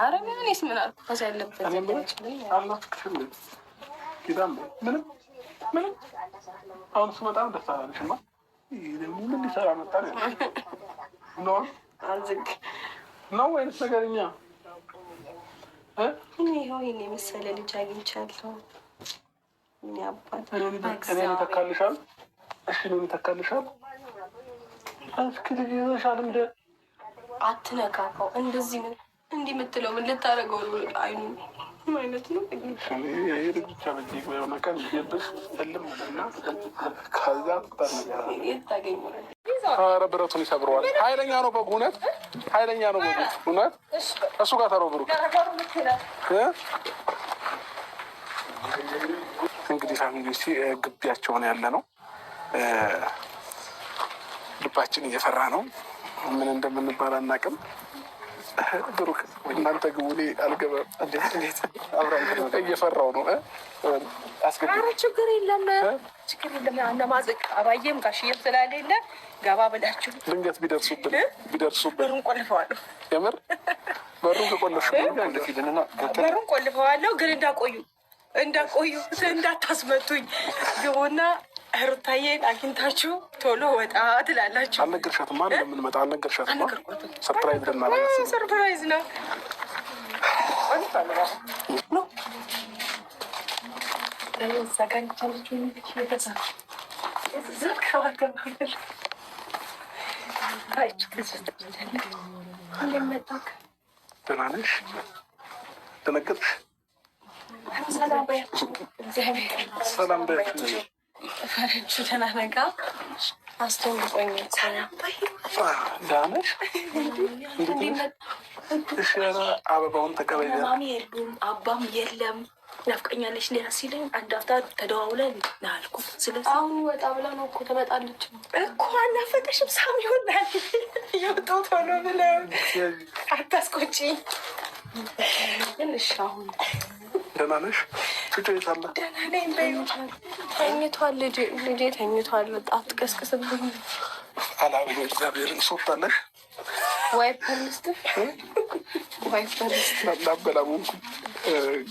ኧረ እኔስ ምን አልኩ? ከዛ ያለበት አሁን እሱ በጣም ደስ አላለሽማ። ምን ሊሰራ መጣ ነው ወይንስ ነገርኛ? ይኸው ይሄን የመሰለ ልጅ አግኝቻለሁ። ይተካልሻል? እሺ እኔን ይተካልሻል? እስኪ ልጅ ይዘሻል እንደ አትነካካው። እንደዚህ እንዲህ የምትለው ምን ልታደርገው ነው? አይኑ ማለት ነው። ኧረ ብረቱን ይሰብረዋል። ኃይለኛ ነው በጉ እውነት፣ ኃይለኛ ነው በጉ እውነት። እሱ ጋር እንግዲህ ፋሚሊ ግቢያቸውን ያለ ነው። ልባችን እየፈራ ነው። ምን እንደምንባል አናውቅም። ብሩክ እናንተ ግቡ፣ እኔ አልገባም። እንዴት እየፈራው ነው። አስገድም ችግር የለም ችግር የለም። እነማዘቅ አባዬም ጋሽዬም ስለሌለ ገባ ብላችሁ ድንገት ቢደርሱብን ቢደርሱብን በሩን ቆልፈዋለሁ። የምር በሩን ከቆለፍሽ በሩን ቆልፈዋለሁ። ግን እንዳቆዩ እንዳቆዩ እንዳታስመቱኝ ግቡና ሩታዬን አግኝታችሁ ቶሎ ወጣ ትላላችሁ። አልነገርሻትማ? እንደምንመጣ አልነገርሻትማ? ሰርፕራይዝ ልናደርጋት። ሰርፕራይዝ ነው ደህና ነሽ? ደነገጥሽ? ሰላም በያቸው። እግዚአብሔር ሰላም ደህና ነጋ አስተውጠኝ ዳነሽ እሸራ አበባውን ተቀበይ። ማሚ የሉም አባም የለም ናፍቀኛለች ሌላ ሲለኝ አንድ አፍታ ተደዋውለን ና አልኩት። ስለዚህ አሁን ወጣ ብላ ነው እኮ ትመጣለች እኮ አናፈቀሽም ሳም ይሆናል የወጡት ሆኖ ብለው አታስቆጪ። ግን እሺ አሁን ደህና ነሽ? ልጁ የት አለ? ተኝቷል። ልጄ ተኝቷል። አትቀስቅስብኝ። አላምኑ እግዚአብሔርን ሶታለሽ ወይ ፐርስት ወይ ፐርስት ላበላሙ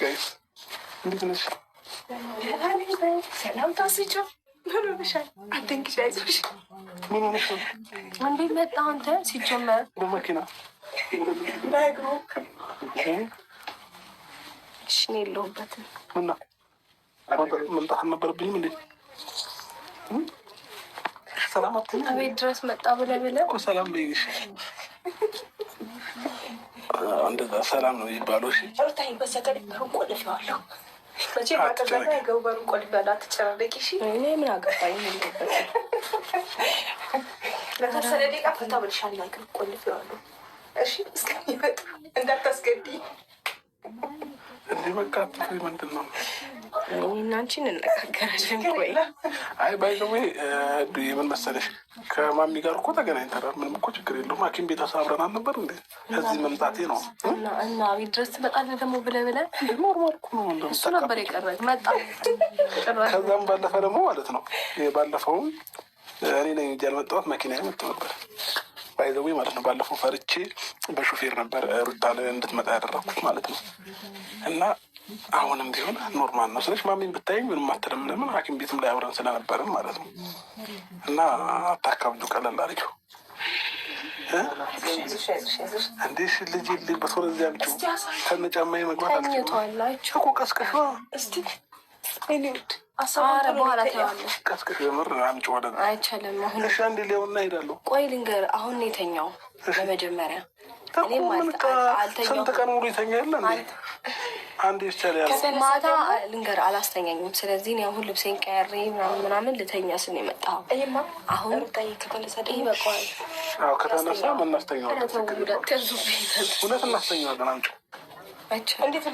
ጋይስ እንዴት ነሽ? ሰላም ታስጮ ምን ሆነሻል? አትንኪሽ፣ አይዞሽ። ምን ሆነሽ? እንዴት መጣ አንተ? ሲጀመር በመኪና በእግሩ እሺ፣ እኔ የለሁበትም እና መምጣት አልነበረብኝም እንዴ? ድረስ መጣ ብለህ ብለህ ሰላም እንደዛ ሰላም ነው የሚባለው። እኔ ምን አገባኝ? ለተወሰነ ደቂቃ ፈታ ብልሻል። ቆልፌዋለሁ። እሺ፣ እስከሚመጣ እንዳታስገድኝ እንዴ መቃጥፍ ምንድን ነው? እኔና እንነጋገራለን። ቆይ አይ ባይዘዌ ምን መሰለሽ ከማሚ ጋር እኮ ተገናኝተናል። ምንም እኮ ችግር የለውም። ሐኪም ቤት አሳብረን አልነበር እንዴ? ከዚህ መምጣቴ ነው እና ቤት ድረስ ትመጣለህ ደግሞ ብለህ ብለህ ኖርማል እኮ ነው። እሱ ነበር የቀረ መጣ። ከዛም ባለፈ ደግሞ ማለት ነው ባለፈውም እኔ ነኝ እንጂ ያልመጣሁት መኪና መጣ ነበር ባይዘዌ ማለት ነው። ባለፈው ፈርቼ በሹፌር ነበር ሩታ እንድትመጣ ያደረግኩት ማለት ነው። እና አሁንም ቢሆን ኖርማል ነው ስለች ማሚን ብታይ ምንም አትልም። ለምን ሐኪም ቤትም ላይ አብረን ስለነበርም ማለት ነው። እና አታካብዱ፣ ቀለል አድርጊው። እንዴ ልጅ ልበት ወደዚያ ከነጫማ መግባት አልችልም እኮ ቀስቀሽ አሰማረ በኋላ የምር ወደ አሁን ቆይ ልንገር፣ አሁን የተኛው ለመጀመሪያ ስንት ቀን ሙሉ ይተኛ የለ ይቻል ያለ ማታ ልንገር፣ አላስተኛኝም። ስለዚህ እኔ አሁን ልብሴን ቀያሬ ምናምን ምናምን ልተኛ ስን የመጣ አሁን ከተነሳ ከተነሳ እናስተኛዋለን። እውነት እናስተኛዋለን። አምጪው እንዴት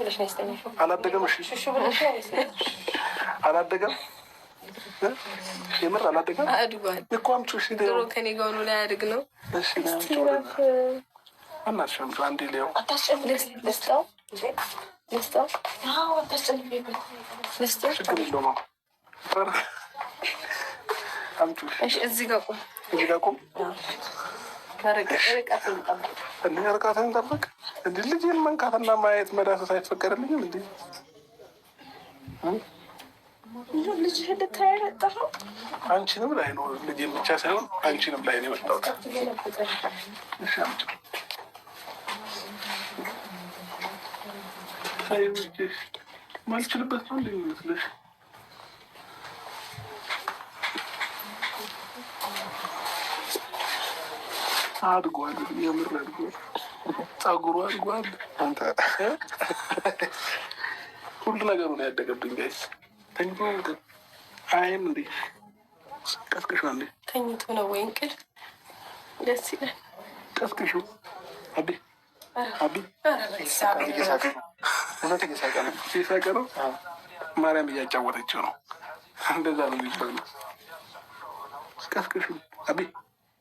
ብለሽ ነው ያስተኛሽው? አላደገም። እሺ አላደገም፣ የምር አላደገም። እኮ አምጪው ድሮ ከኔ ጋር ሆኖ ላይ አድግ ነው። አናሸምጩ አንዴ ሊያው ልስጠው እዚህ ጋር ቁም እኔ እርቃትን ጠብቅ። እንዲህ ልጅን መንካትና ማየት መዳሰስ አይፈቀድልኝም። እንዲ አንቺንም ላይ ነው ልጅን ብቻ ሳይሆን አንቺንም ላይ ነው የመጣሁት። ማልችልበት ነው እንደ ይመስለሽ አድጓል። የምር አድጓል። ጸጉሩ አድጓል። ሁሉ ነገሩ ነው ያደገብኝ። ጋይስ ተኝቶ አይም እንዴ ቀስቅሹ አንዴ ተኝቶ ነው ወይ እንቅልፍ ደስ ይላል። ቀስቅሹ አቤ አቤ ሳቀ ነው ማርያም እያጫወተችው ነው። እንደዛ ነው የሚባለው። ቀስቅሹ አቤ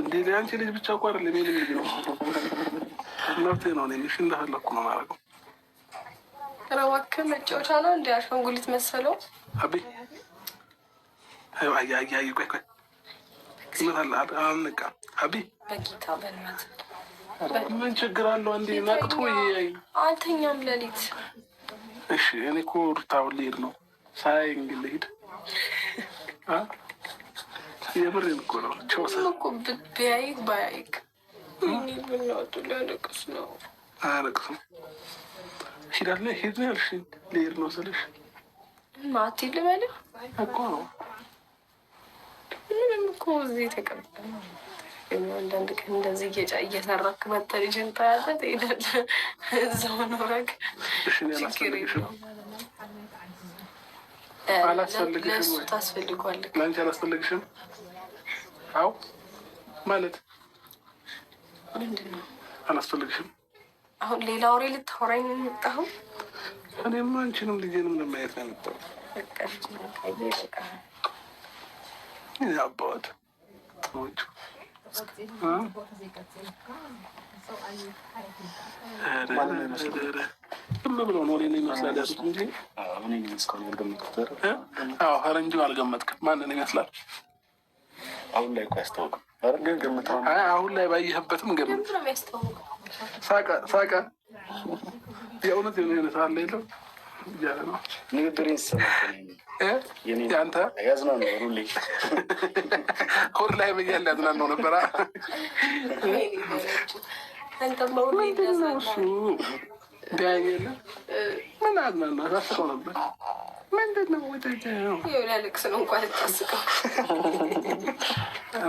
እንዴት አንቺ ልጅ ብቻ እኮ አይደለም ልጅ ነው። መብትህ ነው። እኔ እንደፈለኩ ነው ማድረገው። ኧረ እባክህ መጫወቻ ነው እንደ አሻንጉሊት መሰለው። አቤ አይ አይ አይ ቆይ ቆይ አንቃ በጌታ በእናትህ ምን ችግር አለው? እንዴ ነቅቶ አልተኛም ሌሊት። እሺ እኔ እኮ ልሄድ ነው ሳይ እንግዲህ የምር እኮ ነው። ቢያይክ ባያይክ ብናወጡ ሊያለቅስ ነው። አያለቅስም። ሂዳለ ሄድ ነው ያልሽኝ። ልሄድ ነው ስልሽ ማቴ ልበል እኮ ነው። ምንም እኮ እዚህ ተቀምጠ አንዳንድ ቀን እንደዚህ እየጫ እየሰራክ መተልሽን ታያለ ትሄዳለ እዛው ኖረክ ችግር የለውም አላስፈልግሽም ወይ ታስፈልጓለህ? ለአንቺ አላስፈልግሽም? አዎ ማለት አላስፈልግሽም። አሁን ሌላ ወሬ ልታወራኝ ነው የመጣኸው? እኔማ አንቺንም ልጄንም ለማየት ነው የመጣሁት። አባት ዎቹ ዝም ብሎ ነው እኔን ይመስላል ያሱት እንጂ ፈረንጅን አልገመጥክም። ማንን ይመስላል? አሁን ላይ እኮ ያስታውቅም። አሁን ላይ ባየህበትም ገምት። ሳቀ ሳቀ። የእውነት የሆነ አይነት አለ የለም እያለ ነው ንግግር ይሰማንተ ሁር ላይ በያለ ያዝናናው ነበራ ምን አዝማማ ታስቀው ነበር። ምንድን ነው ወደጀ ነው ለልቅስ ነው እንኳን ታስቀው።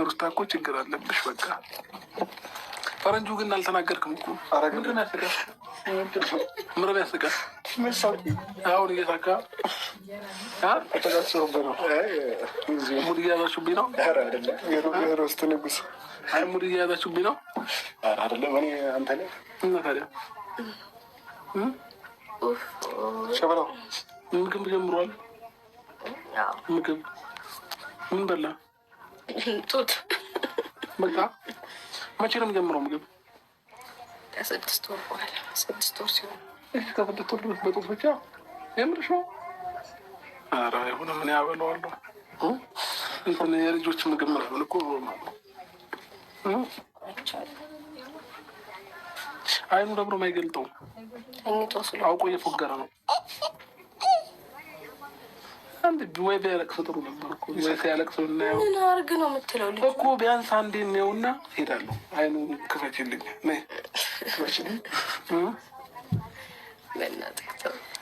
ሩታ እኮ ችግር አለብሽ። በቃ ፈረንጁ ግን አልተናገርክም እኮ ምንድን ያስቃል? ምንድን ያስቃል? አሁን እየሳካ ሙድ እያያዛችሁብኝ ነው። ሮስት ንጉስ አይ ሙድ እያያዛችሁብኝ ነው። አይደለም እኔ አንተ ላይ እና ታዲያ ሸበላው ምግብ ጀምሯል። ምግብ ምን በላ? ጡት በቃ። መቼ ነው የሚጀምረው ምግብ? ከስድስት ወር በኋላ ስድስት ወር ሲሆን ከስድስት ወር ድረስ በጡት ብቻ የምርሽ ነው? ኧረ አይሆንም። እኔ አበላዋለሁ እንትን የልጆች ምግብ ምናምን እኮ አይኑ ደብሮም አይገልጠውም። አውቆ እየፎገረ ነው። ወይ ቢያለቅስ ጥሩ ነበር ወይ ሲያለቅስ አርግ ነው የምትለው እኮ ቢያንስ አንዴ እንየውና ሄዳለሁ። አይኑ ክፈችልኝ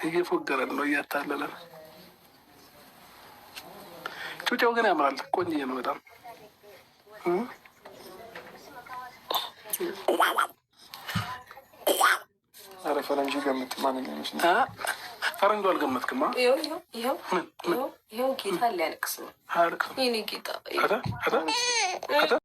እየፎገረ ነው እያታለለ ጩጫው ግን ያምራል። ቆንጅዬ ነው በጣም ኧረ ፈረንጅ ገምት። ማንኛ ይመስል ፈረንጁ አልገመትክማ። ይኸው ጌታ ሊያለቅስ ነው።